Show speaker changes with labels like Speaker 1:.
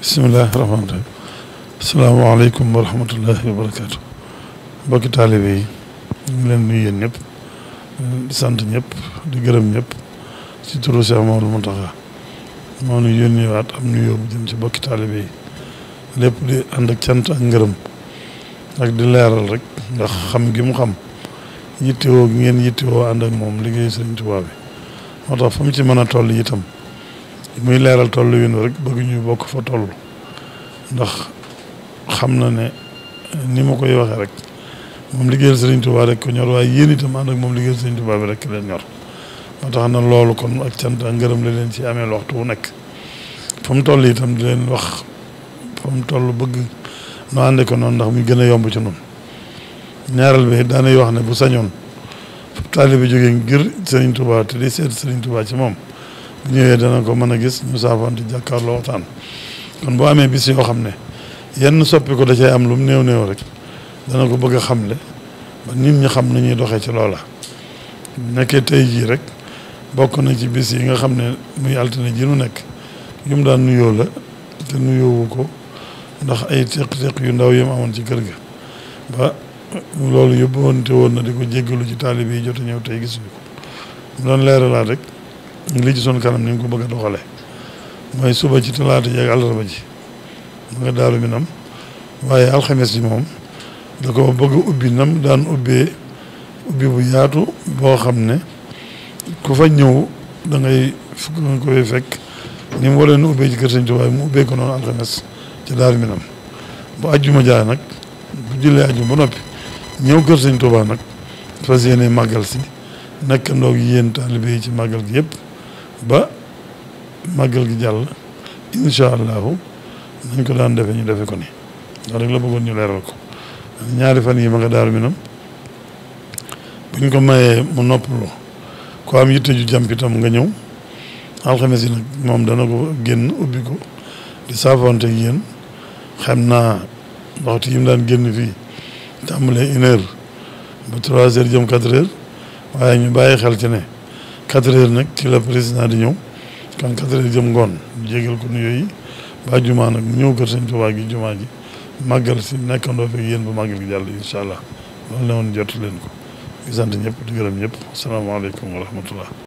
Speaker 1: bisimilah rahmaani rahiim asalaamaaleykum wa rahmatullahi wa barakaatu mbokki taalibe yi ñu leen nuyu yéen ñëpp di sant ñëpp di gërëm ñëpp ci turu Cheikh Mamadou Mountakha moo nu yónniwaat am nuyoo bu jëm ci mbokki taalibe yi lépp di ànd ak cant ak ngërëm ak di leeral rek ndax xam gi mu xam yittewoo ngeen yittewoo ànd ak moom liggéey Sëriñ Tuubaa bi moo tax fu ci mën a toll yitam muy leeral toll wi rek bëgg ñu bokk fa toll ndax xam na ne ni ma koy waxee rek moom liggéeyal Sëriñ Tuubaa rek ko ñor waaye yéen itam ànd ak moom liggéeyal Sëriñ Tuubaa bi rek leen ñor moo tax na loolu kon ak cant ak ngërëm la leen ci amee waxtu wu nekk fa mu toll itam di leen wax fa mu toll bëgg nu ànde ko noonu ndax mu gën a yomb ci noonu ñaareel bi daanay wax ne bu sañoon taalibe jógee ngir Sëriñ Tuubaa te di seet Sëriñ Tuubaa ci moom ñëwee dana ko mën a gis ñu saafoonte jàkkaarloo waxtaan kon boo amee bis yoo xam ne yenn soppi ko da cay am lu mu néew néew rek dana ko bëgg a xamle ba nit ñi xam na ñuy doxee ci loola nekkee tey jii rek bokk na ci bis yi nga xam ne muy altine ji nu nekk yu mu daan nuyoo la te nuyoowu ko ndax ay teq-teq yu ndaw yi mu amoon ci kër ga ba loolu yóbbuwante woon na di ko jéggalu ci taalib yi jot a ñëw tey gisuñu ko mu doon leeralaat rek lii ci sunu kanam ni ñu ko bëgg a doxalee mooy suba ci talaata ji ak àllarba ji mu nga daaru minam waaye alxames ji moom da ko bëgg ubbi nam daan ubbee ubbi bu yaatu boo xam ne ku fa ñëw dangay ngay fukk nga koy fekk ni mu waree nu ubbee ci kër Sëñ Tuubaa mu ubbee ko noonu alxames ci daaru minam bu ajjuma jaay nag bu jullee ajjuma ba noppi ñëw kër Sëñ Tuubaa nag fas yéene màggal si nekk ndoog yéen taalibe yi ci màggal gi yëpp ba màggal gi jàll incha allahu nañ ko daan defe ñu defe ko ni ndax rek la bëggoon ñu leeral ko ñaari fan yi ma nga daaru minam buñ ko maye mu noppaloo ko am yitte ju jàmp nga ñëw alxames yi nag moom dana ko génn ubbi ko di saafonte ak yéen xam naa waxtu yi mu daan génn fi tàmbalee une heure ba trois heures jëm quatre heures waaye ñu bàyyi xel ci ne quatre heures nag ci la président di ñëw kan quatre heures jëm ngoon jégal ko nu yooyu ba jumaa nag mu ñëw kër sëñ Tuubaa gi jumaa ji màggal si nekkandoo fekk yéen ba màggal gi jàll incha allah loolu la woon jot leen ko di sant ñëpp di gërëm ñëpp asalaamaaleykum wa rahmatullah